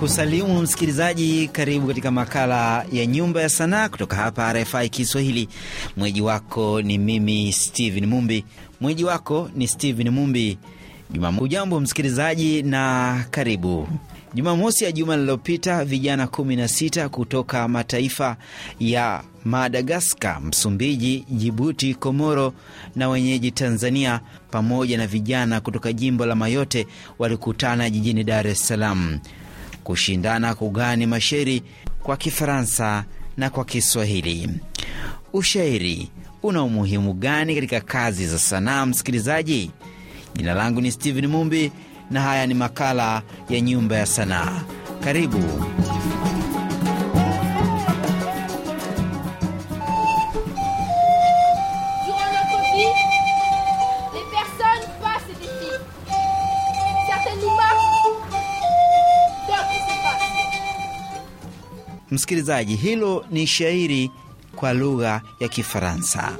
kusalimu msikilizaji, karibu katika makala ya Nyumba ya Sanaa kutoka hapa RFI Kiswahili. Mweji wako ni mimi Steven Mumbi, mweji wako ni Steven Mumbi. ujambo msikilizaji na karibu. Jumamosi ya juma lililopita vijana 16 kutoka mataifa ya Madagaskar, Msumbiji, Jibuti, Komoro na wenyeji Tanzania pamoja na vijana kutoka jimbo la Mayote walikutana jijini Dar es Salaam kushindana kugani mashairi kwa Kifaransa na kwa Kiswahili. Ushairi una umuhimu gani katika kazi za sanaa, msikilizaji? Jina langu ni Steven Mumbi na haya ni makala ya Nyumba ya Sanaa. Karibu. Msikilizaji, hilo ni shairi kwa lugha ya Kifaransa.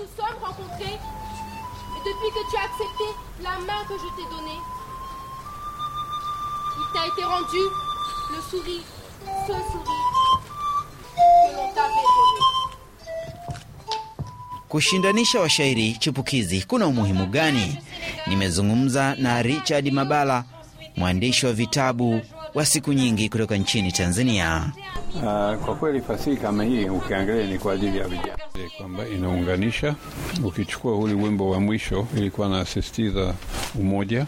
Kushindanisha washairi chipukizi kuna umuhimu gani? Nimezungumza na Richard Mabala, mwandishi wa vitabu wa siku nyingi kutoka nchini Tanzania. Uh, kwa kweli fasihi kama hii ukiangalia ni kwa ajili ya vijana, kwamba inaunganisha. Ukichukua huli wimbo wa mwisho, ilikuwa nasisitiza umoja.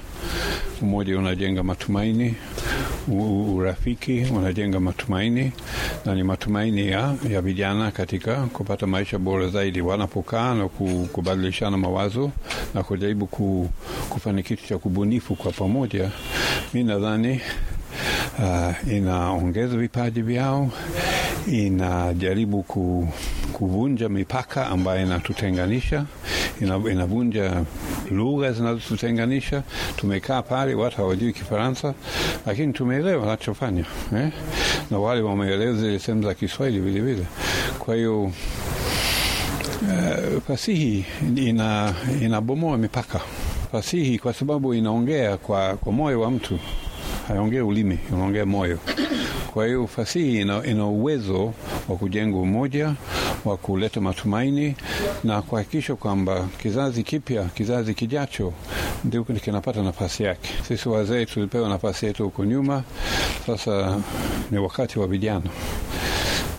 Umoja unajenga matumaini, urafiki unajenga matumaini, na ni matumaini ya, ya vijana katika kupata maisha bora zaidi wanapokaa na kubadilishana mawazo na kujaribu kufanya kitu cha kubunifu kwa pamoja. Mi nadhani uh, inaongeza vipaji vyao, inajaribu ku, kuvunja mipaka ambayo inatutenganisha, inavunja lugha zinazotutenganisha. Tumekaa pale, watu hawajui Kifaransa, lakini tumeelewa anachofanya eh? na wale wameeleza zile sehemu za Kiswahili vilevile, kwa hiyo Uh, fasihi ina inabomoa mipaka. Fasihi kwa sababu inaongea kwa, kwa moyo wa mtu haongei ulimi, unaongea moyo. Kwa hiyo fasihi ina, ina uwezo wa kujenga umoja wa kuleta matumaini na kuhakikisha kwamba kizazi kipya, kizazi kijacho ndio kinapata nafasi yake. Sisi wazee tulipewa nafasi yetu huko nyuma, sasa ni wakati wa vijana.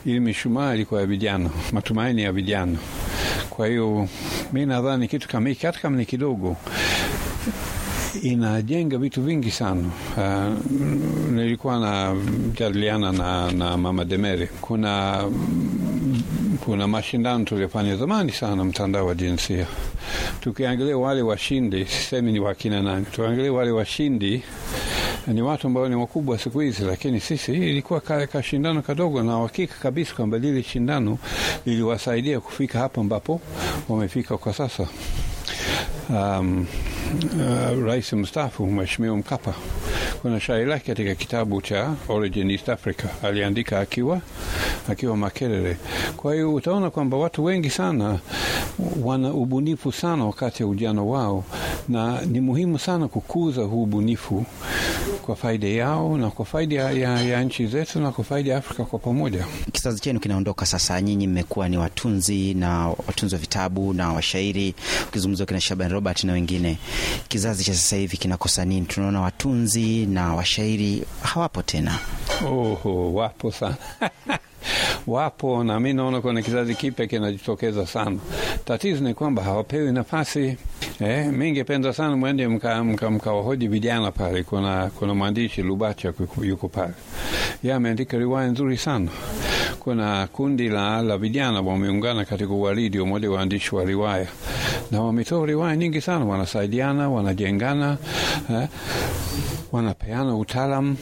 Ili mishumaa ilikuwa ya vijana, matumaini ya vijana. Kwa hiyo mi nadhani kitu kama hiki, hata kama ni kidogo inajenga vitu vingi sana. Uh, nilikuwa na jadiliana na, na mama Demeri, kuna kuna mashindano tuliofanya zamani sana mtandao wa jinsia, tukiangalia wale washindi, sisemi ni wakina nani, tuangalia wale washindi ni watu ambao ni wakubwa siku hizi, lakini sisi ilikuwa kashindano ka kadogo, na uhakika kabisa kwamba lile shindano liliwasaidia kufika hapa ambapo wamefika kwa sasa. Um, Eh, rais mstaafu mweshimiwa Mkapa. Kuna shairi lake katika kitabu cha Origin East Africa aliandika akiwa akiwa Makerere. Kwa hiyo utaona kwamba watu wengi sana wana ubunifu sana wakati ya ujano wao, na ni muhimu sana kukuza huu ubunifu kwa faida yao na kwa faida ya, ya nchi zetu na kwa faida ya Afrika kwa pamoja. Kizazi chenu kinaondoka sasa, nyinyi mmekuwa ni watunzi na watunzi wa vitabu na washairi, ukizungumzia kina Shaban Robert na wengine. Kizazi cha sasa hivi kinakosa nini? Tunaona watunzi na washairi hawapo tena. Oho, wapo sana wapo, na mi naona kuna kizazi kipya kinajitokeza sana. Tatizo ni kwamba hawapewi nafasi. Eh, mi ngependa sana mwende mkawahoji mka, mka, mka vijana pale. Kuna, kuna mwandishi Lubacha yuko pale, yeye ameandika riwaya nzuri sana. Kuna kundi la, la vijana wameungana katika uwaridi, umoja wa waandishi wa riwaya, na wametoa riwaya nyingi sana, wanasaidiana, wanajengana eh, wanapeana utaalamu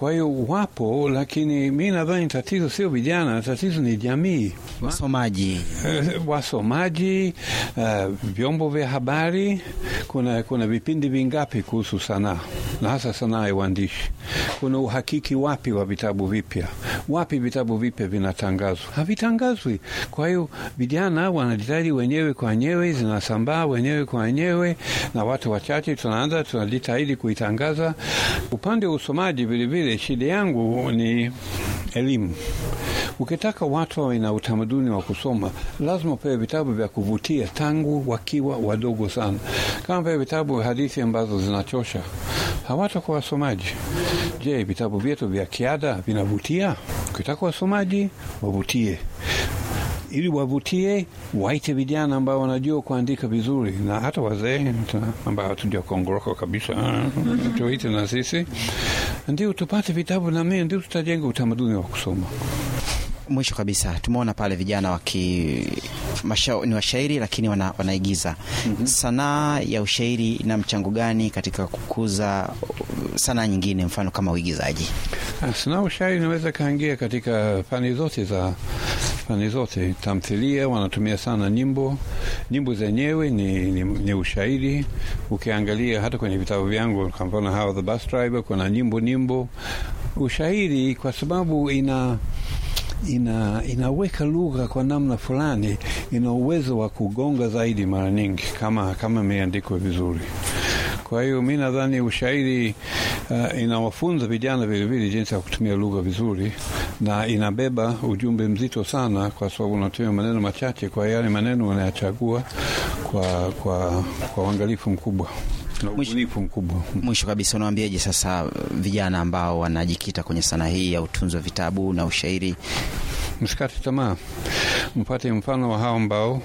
kwa hiyo wapo, lakini mi nadhani tatizo sio vijana, tatizo ni jamii, wasomaji eh, wasomaji, uh, vyombo vya habari. Kuna kuna vipindi vingapi kuhusu sanaa na hasa sanaa ya uandishi? Kuna uhakiki wapi wa vitabu vipya? Wapi vitabu vipya vinatangazwa? Havitangazwi. Kwa hiyo vijana wanajitahidi wenyewe kwa wenyewe, zinasambaa wenyewe kwa wenyewe, na watu wachache tunaanza tunajitahidi kuitangaza. Upande wa usomaji vilevile vile shida yangu ni elimu. Ukitaka watu wawe na utamaduni wa kusoma, lazima pewe vitabu vya kuvutia tangu wakiwa wadogo sana. Kama pewe vitabu hadithi ambazo zinachosha, hawatakuwa wasomaji. Je, vitabu vyetu vya kiada vinavutia? Ukitaka wasomaji wavutie ili wavutie, waite vijana ambao wanajua kuandika vizuri na hata wazee ambao hatujakongoroka kabisa tuwaite na sisi ndio tupate vitabu na mimi ndio tutajenga utamaduni wa kusoma. Mwisho kabisa tumeona pale vijana waki masha, ni washairi lakini wana, wanaigiza mm -hmm. Sanaa ya ushairi ina mchango gani katika kukuza uh, sanaa nyingine, mfano kama uigizaji? Ah, sanaa ya ushairi inaweza kaingia katika pande zote za fani zote, tamthilia wanatumia sana nyimbo. Nyimbo zenyewe ni, ni, ni ushahidi. Ukiangalia hata kwenye vitabu vyangu, kwa mfano How the Bus Driver, kuna nyimbo nyimbo ushahidi kwa sababu ina ina inaweka lugha kwa namna fulani, ina uwezo wa kugonga zaidi mara nyingi kama kama imeandikwa vizuri. Kwa hiyo mi nadhani ushairi uh, inawafunza vijana vilevile jinsi ya kutumia lugha vizuri, na inabeba ujumbe mzito sana, kwa sababu unatumia maneno machache, kwa yale maneno wanayachagua kwa, kwa, kwa uangalifu mkubwa Mwisho kabisa, unawambiaje sasa eh, vijana ambao wanajikita kwenye sanaa hii ya utunzi wa vitabu na ushairi? Msikate tamaa, mpate mfano wa hao ambao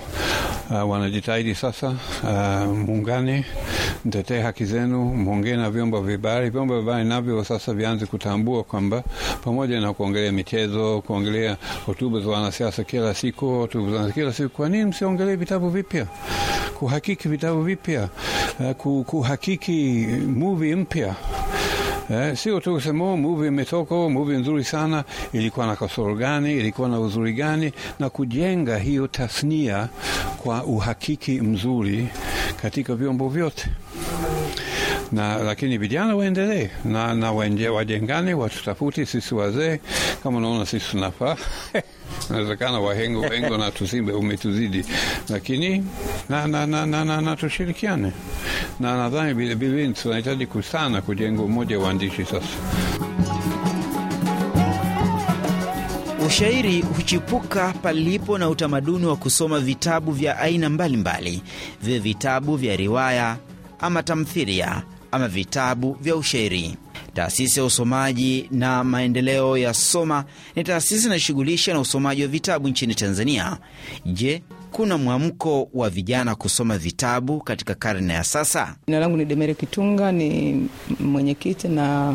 uh, wanajitahidi sasa. Uh, muungane mtetee haki zenu, mhongee na vyombo vya habari. Vyombo vya habari navyo sasa vianze kutambua kwamba pamoja na kuongelea michezo, kuongelea hotuba za wanasiasa kila siku, hotuba za kila siku, kwa nini msiongelee vitabu vipya, kuhakiki vitabu vipya, eh, kuhakiki muvi mpya? Eh, sio tu kusema oh, movie imetoka, oh, movie nzuri sana, ilikuwa na kasoro gani, ilikuwa na uzuri gani, na kujenga hiyo tasnia kwa uhakiki mzuri katika vyombo vyote na lakini vijana waendelee na, na wajengane, watutafuti sisi wazee, kama unaona sisi tunafaa nawezekana wahengo wengo na tusimbe umetuzidi, lakini na, na, na, na, na, na tushirikiane, na nadhani vilevile tunahitaji kusana kujenga umoja waandishi sasa. Ushairi huchipuka palipo na utamaduni wa kusoma vitabu vya aina mbalimbali, viwe vitabu vya riwaya ama tamthilia, ama vitabu vya ushairi. Taasisi ya usomaji na maendeleo ya Soma ni taasisi inayoshughulisha na usomaji wa vitabu nchini Tanzania. Je, kuna mwamko wa vijana kusoma vitabu katika karne ya sasa? Jina langu ni Demere Kitunga, ni mwenyekiti na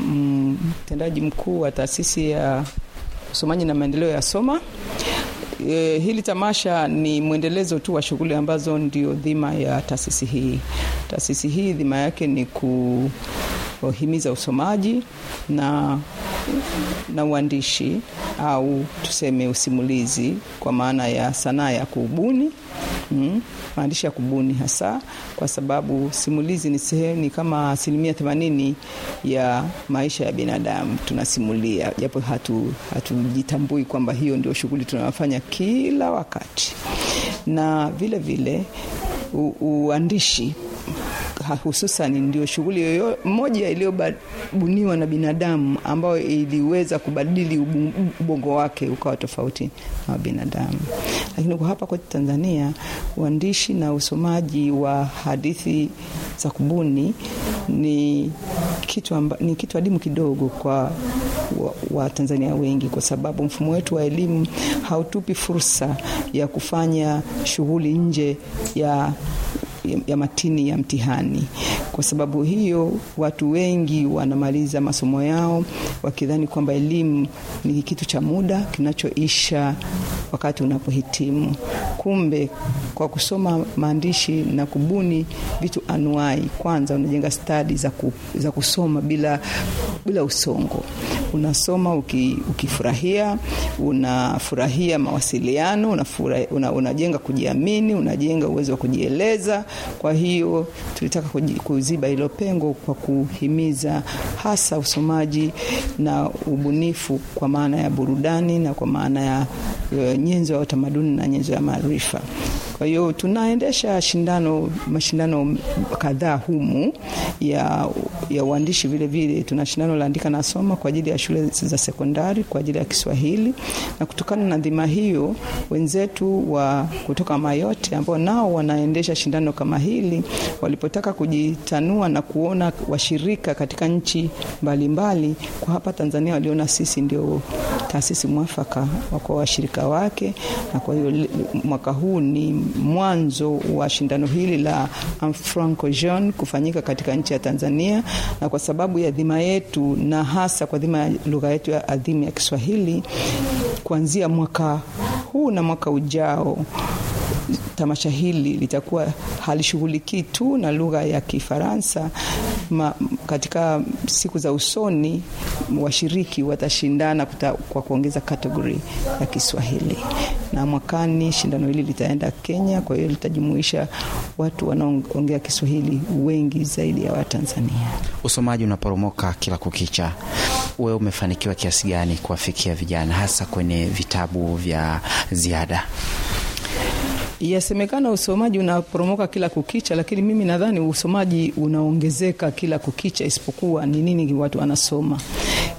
mtendaji mkuu wa taasisi ya usomaji na maendeleo ya Soma. E, hili tamasha ni mwendelezo tu wa shughuli ambazo ndio dhima ya taasisi hii. Taasisi hii dhima yake ni kuhimiza usomaji na na uandishi au tuseme usimulizi kwa maana ya sanaa ya kuubuni mm maandishi ya kubuni, hasa kwa sababu simulizi ni sehemu kama asilimia themanini ya maisha ya binadamu tunasimulia, japo hatujitambui hatu kwamba hiyo ndio shughuli tunayofanya kila wakati, na vile vile u, uandishi hususan ndio shughuli moja iliyobuniwa na binadamu ambayo iliweza kubadili ubongo wake ukawa tofauti na binadamu. Lakini kwa hapa kwetu Tanzania, uandishi na usomaji wa hadithi za kubuni ni kitu, amba, ni kitu adimu kidogo kwa Watanzania wa wengi, kwa sababu mfumo wetu wa elimu hautupi fursa ya kufanya shughuli nje ya ya matini ya mtihani. Kwa sababu hiyo, watu wengi wanamaliza masomo yao wakidhani kwamba elimu ni kitu cha muda kinachoisha wakati unapohitimu. Kumbe kwa kusoma maandishi na kubuni vitu anuai, kwanza unajenga stadi za, ku, za kusoma bila bila usongo. Unasoma uki, ukifurahia, unafurahia mawasiliano, unajenga una, una kujiamini, unajenga uwezo wa kujieleza. Kwa hiyo tulitaka kuziba hilo pengo kwa kuhimiza hasa usomaji na ubunifu kwa maana ya burudani na kwa maana ya eh, nyenzo ya utamaduni na nyenzo ya maarifa. Kwa hiyo tunaendesha shindano, mashindano kadhaa humu ya, ya uandishi vile vile. Tuna shindano la andika na soma kwa ajili ya shule za sekondari kwa ajili ya Kiswahili, na kutokana na dhima hiyo wenzetu wa kutoka Mayote ambao nao wanaendesha shindano kama hili walipotaka kujitanua na kuona washirika katika nchi mbalimbali mbali, kwa hapa Tanzania waliona sisi ndio taasisi mwafaka kwa washirika wake, na kwa hiyo mwaka huu ni mwanzo wa shindano hili la franco Jean kufanyika katika nchi ya Tanzania, na kwa sababu ya dhima yetu na hasa kwa dhima ya lugha yetu ya adhimu ya Kiswahili, kuanzia mwaka huu na mwaka ujao tamasha hili litakuwa halishughulikii tu na lugha ya Kifaransa. Katika siku za usoni washiriki watashindana kuta, kwa kuongeza kategori ya Kiswahili, na mwakani shindano hili litaenda Kenya. Kwa hiyo litajumuisha watu wanaoongea Kiswahili wengi zaidi ya Watanzania. Usomaji unaporomoka kila kukicha. Wewe umefanikiwa kiasi gani kuwafikia vijana hasa kwenye vitabu vya ziada? Yasemekana usomaji unaporomoka kila kukicha, lakini mimi nadhani usomaji unaongezeka kila kukicha, isipokuwa ni nini watu wanasoma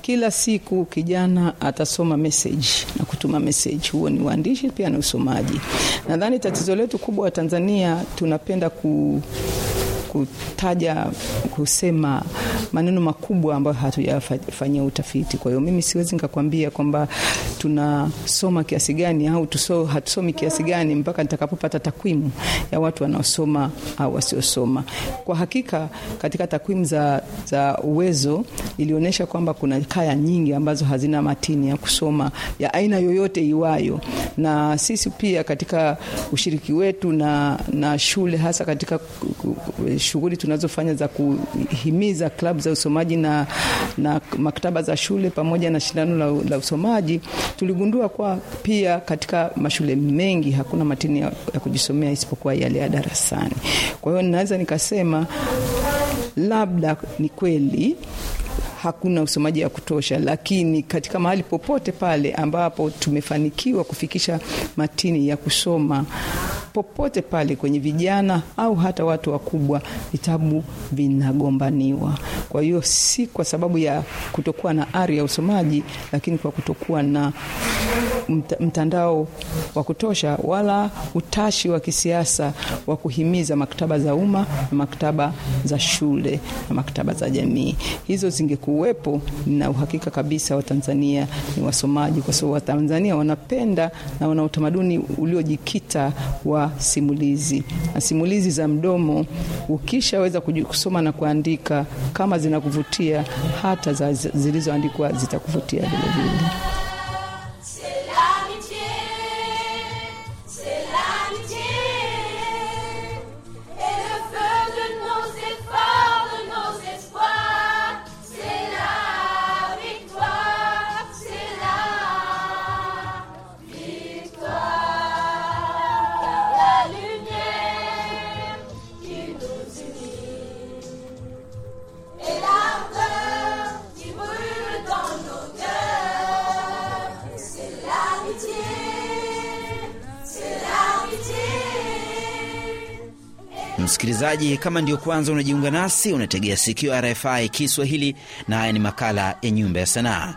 kila siku. Kijana atasoma message na kutuma message, huo ni uandishi pia ni usomaji. Nadhani tatizo letu kubwa wa Tanzania tunapenda ku kutaja kusema maneno makubwa ambayo hatujafanyia utafiti. Kwa hiyo mimi siwezi nikakwambia kwamba tunasoma kiasi gani au tuso, hatusomi kiasi gani mpaka nitakapopata takwimu ya watu wanaosoma au wasiosoma. Kwa hakika katika takwimu za, za uwezo ilionyesha kwamba kuna kaya nyingi ambazo hazina matini ya kusoma ya aina yoyote iwayo, na sisi pia katika ushiriki wetu na, na shule hasa katika shughuli tunazofanya za kuhimiza klabu za usomaji na, na maktaba za shule pamoja na shindano la, la usomaji, tuligundua kwa pia katika mashule mengi hakuna matini ya, ya kujisomea isipokuwa yale ya darasani. Kwa hiyo ninaweza nikasema labda ni kweli hakuna usomaji ya kutosha, lakini katika mahali popote pale ambapo tumefanikiwa kufikisha matini ya kusoma popote pale, kwenye vijana au hata watu wakubwa, vitabu vinagombaniwa. Kwa hiyo si kwa sababu ya kutokuwa na ari ya usomaji, lakini kwa kutokuwa na mtandao wa kutosha wala utashi wa kisiasa wa kuhimiza maktaba za umma na maktaba za shule na maktaba za jamii. Hizo zingekuwepo, na uhakika kabisa Watanzania ni wasomaji, kwa sababu Watanzania wanapenda na wana utamaduni uliojikita wa simulizi na simulizi za mdomo. Ukishaweza kusoma na kuandika, kama zinakuvutia, hata zilizoandikwa zitakuvutia vilevile. Msikilizaji, kama ndiyo kwanza unajiunga nasi, unategea sikio RFI Kiswahili na haya ni makala ya Nyumba ya Sanaa.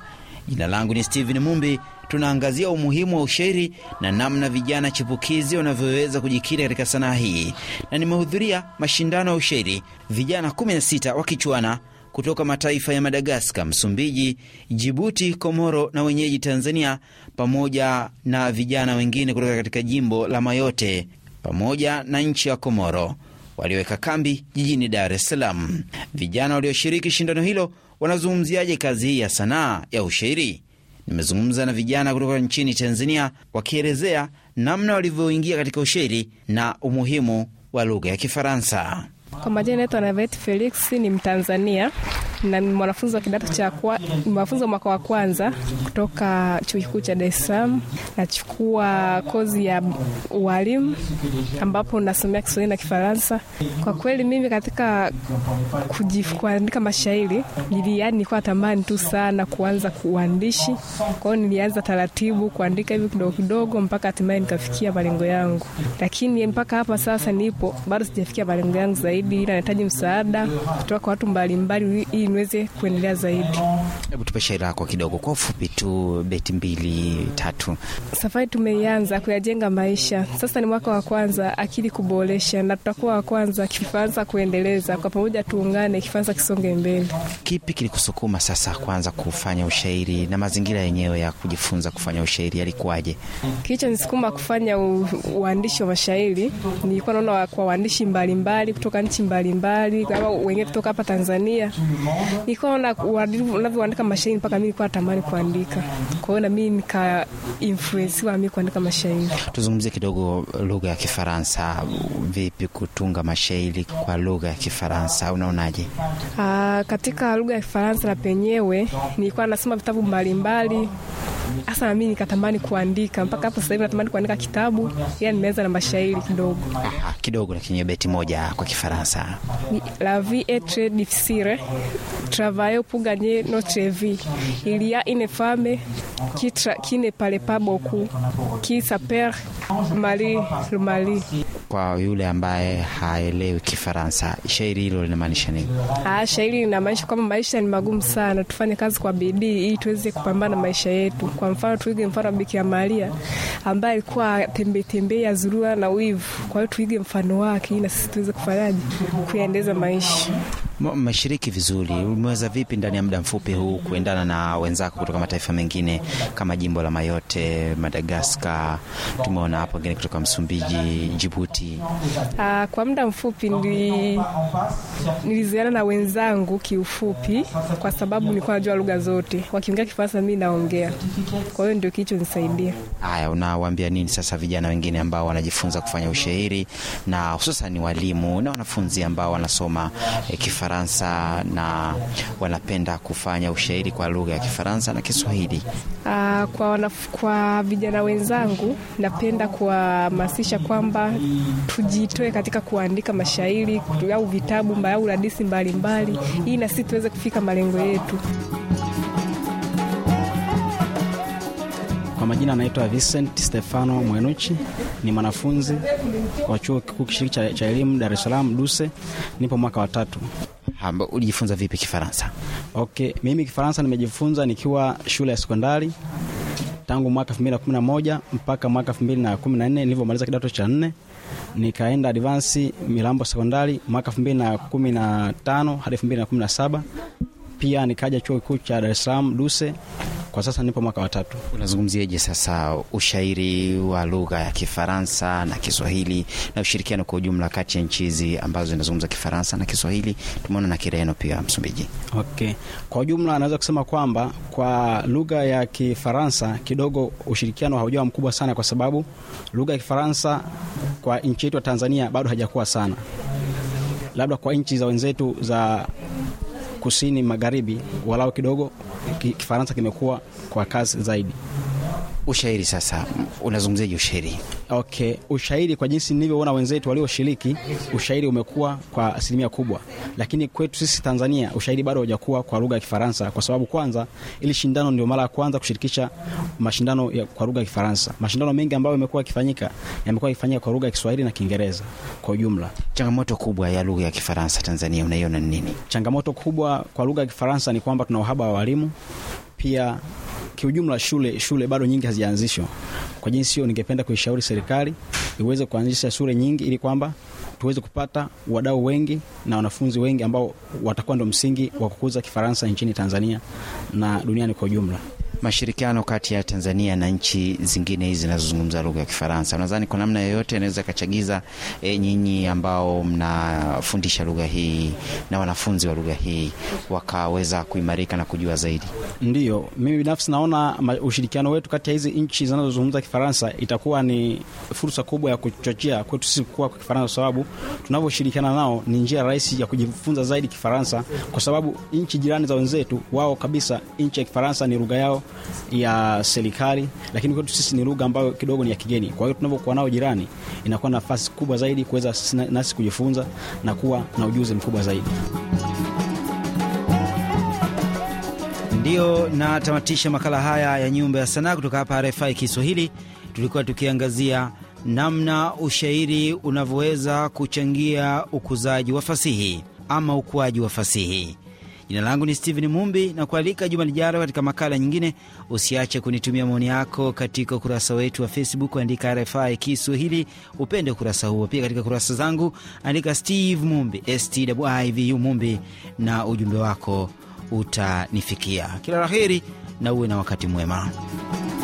Jina langu ni stephen Mumbi. Tunaangazia umuhimu wa ushairi na namna vijana chipukizi wanavyoweza kujikita katika sanaa hii, na nimehudhuria mashindano ya ushairi vijana 16 wakichuana kutoka mataifa ya Madagaskar, Msumbiji, Jibuti, Komoro na wenyeji Tanzania, pamoja na vijana wengine kutoka katika jimbo la Mayote pamoja na nchi ya Komoro walioweka kambi jijini Dar es Salaam. Vijana walioshiriki shindano hilo wanazungumziaje kazi hii ya sanaa ya ushairi? Nimezungumza na vijana kutoka nchini Tanzania wakielezea namna walivyoingia katika ushairi na umuhimu wa lugha ya Kifaransa. Kwa majina naitwa Navet Felix, ni Mtanzania na ni mwanafunzi wa kidato cha mwanafunzi wa mwaka wa kwanza kutoka chuo kikuu cha Dar es Salaam. Nachukua kozi ya ualimu ambapo nasomea Kiswahili na Kifaransa. Kwa kweli mimi katika kuandika mashairi nili, yani nilikuwa tamani tu sana kuanza kuandishi, kwa hiyo nilianza taratibu kuandika hivi kidogo kidogo mpaka hatimaye nikafikia malengo yangu, lakini mpaka hapa sasa nipo bado sijafikia malengo yangu zaidi, ila nahitaji msaada kutoka kwa watu mbalimbali ili niweze kuendelea zaidi. Hebu tupe shairi yako kidogo kwa ufupi tu, beti mbili tatu. Safari tumeianza kuyajenga maisha, sasa ni mwaka wa kwanza, akili kuboresha, na tutakuwa wa kwanza Kifaransa kuendeleza. Kwa pamoja tuungane, Kifaransa kisonge mbele. Kipi kilikusukuma sasa kuanza kufanya ushairi na mazingira yenyewe ya kujifunza kufanya ushairi yalikuwaje? Kilichonisukuma kufanya u, uandishi wa mashairi, nilikuwa naona kwa waandishi mbalimbali kutoka nchi mbalimbali, wengine kutoka hapa Tanzania nilikuwa naona unavyoandika mashairi mpaka mi nilikuwa natamani kuandika. Kwa hiyo na mi nika influensiwa mi kuandika mashairi. Tuzungumzie kidogo lugha ya Kifaransa, vipi kutunga mashairi kwa lugha ya Kifaransa, unaonaje? Ah, katika lugha ya Kifaransa na penyewe nilikuwa nasoma vitabu mbalimbali Hasa nami nikatamani kuandika, mpaka hapo sasa hivi natamani kuandika kitabu, ila nimeanza na mashairi kidogo. Aha, kidogo, lakini beti moja kwa Kifaransa, la vie est tres difficile travailler pour gagner notre vie il y a une femme qui, tra, qui ne parle pas beaucoup qui s'appelle Marie le Mali. Kwa yule ambaye haelewi Kifaransa, shairi hilo linamaanisha nini? Ah, shairi linamaanisha kwamba maisha ni magumu sana, tufanye kazi kwa bidii ili tuweze kupambana maisha yetu. Kwa mfano tuige mfano Bikira Maria ambaye alikuwa tembe tembe ya zurura na wivu. Kwa hiyo tuige mfano wake, na sisi tuweze kufanyaje kuendeleza maisha mmeshiriki vizuri. Umeweza vipi ndani ya muda mfupi huu kuendana na wenzako kutoka mataifa mengine kama jimbo la Mayote, Madagaskar, tumeona hapo wengine kutoka Msumbiji, Jibuti? Uh, kwa muda mfupi nili, na wenzangu kiufupi, kwa sababu nilikuwa najua lugha zote, wakiongea Kifaransa mi naongea, kwa hiyo ndio kilichonisaidia. Haya, unawambia nini sasa vijana wengine ambao wanajifunza kufanya ushairi na hususan walimu na wanafunzi ambao wanasoma eh, Kifaransa? Kifaransa na wanapenda kufanya ushairi kwa lugha ya Kifaransa na Kiswahili. Uh, kwa, wanaf, kwa vijana wenzangu napenda kuwahamasisha kwamba tujitoe katika kuandika mashairi au vitabu au radisi mbalimbali ili na sisi tuweze kufika malengo yetu. Kwa majina anaitwa Vincent Stefano Mwenuchi, ni mwanafunzi wa chuo kikuu kishiriki cha elimu Dar es Salaam DUSE, nipo mwaka wa tatu ulijifunza vipi Kifaransa? Okay, mimi Kifaransa nimejifunza nikiwa shule ya sekondari tangu mwaka 2011 mpaka mwaka 2014 nilivyomaliza kidato cha nne, nikaenda advance Milambo sekondari mwaka 2015 hadi 2017 pia nikaja chuo kikuu cha Dar es Salaam Duse. Kwa sasa nipo mwaka wa tatu. Unazungumziaje sasa ushairi wa lugha ya Kifaransa na Kiswahili na ushirikiano kwa ujumla kati ya nchi hizi ambazo zinazungumza Kifaransa na Kiswahili, tumeona na Kireno pia Msumbiji? Okay, kwa ujumla anaweza kusema kwamba kwa lugha ya Kifaransa kidogo ushirikiano haujawa mkubwa sana, kwa sababu lugha ya Kifaransa kwa nchi yetu ya Tanzania bado hajakuwa sana, labda kwa nchi za wenzetu za kusini magharibi, walao kidogo Kifaransa kimekuwa kwa kazi zaidi. Ushairi sasa, unazungumziaje ushairi? Okay, ushairi kwa jinsi nilivyoona wenzetu walioshiriki, ushairi umekuwa kwa asilimia kubwa, lakini kwetu sisi Tanzania ushairi bado haujakuwa kwa lugha ya Kifaransa, kwa sababu kwanza ili shindano ndio mara ya kwanza kushirikisha mashindano ya kwa lugha ya Kifaransa. Mashindano mengi ambayo yamekuwa yakifanyika yamekuwa yakifanyika kwa lugha ya Kiswahili na Kiingereza kwa ujumla. Changamoto kubwa ya lugha ya Kifaransa Tanzania unaiona nini? Changamoto kubwa kwa lugha ya Kifaransa ni kwamba tuna uhaba wa walimu pia kiujumla shule shule bado nyingi hazijaanzishwa. Kwa jinsi hiyo, ningependa kuishauri serikali iweze kuanzisha shule nyingi ili kwamba tuweze kupata wadau wengi na wanafunzi wengi ambao watakuwa ndo msingi wa kukuza Kifaransa nchini Tanzania na duniani kwa ujumla mashirikiano kati ya Tanzania na nchi zingine hizi zinazozungumza lugha ya Kifaransa, nadhani kwa namna yoyote inaweza kachagiza e, eh, nyinyi ambao mnafundisha lugha hii na wanafunzi wa lugha hii wakaweza kuimarika na kujua zaidi? Ndiyo, mimi binafsi naona ushirikiano wetu kati ya hizi nchi zinazozungumza Kifaransa itakuwa ni fursa kubwa ya kuchochea kwetu sisi kukua kwa Kifaransa, kwa sababu tunavyoshirikiana nao ni njia rahisi ya kujifunza zaidi Kifaransa, kwa sababu nchi jirani za wenzetu wao kabisa, nchi ya Kifaransa ni lugha yao ya serikali, lakini kwetu sisi ni lugha ambayo kidogo ni ya kigeni. Kwa hiyo tunavyokuwa nao jirani, inakuwa nafasi kubwa zaidi kuweza nasi kujifunza na kuwa na ujuzi mkubwa zaidi. Ndiyo natamatisha makala haya ya Nyumba ya Sanaa kutoka hapa RFI Kiswahili. Tulikuwa tukiangazia namna ushairi unavyoweza kuchangia ukuzaji wa fasihi ama ukuaji wa fasihi. Jina langu ni Steven Mumbi na kualika juma lijalo katika makala nyingine. Usiache kunitumia maoni yako katika ukurasa wetu wa Facebook, andika RFI Kiswahili, upende ukurasa huo. Pia katika kurasa zangu andika Steve Mumbi, Stivu Mumbi, na ujumbe wako utanifikia. Kila la heri na uwe na wakati mwema.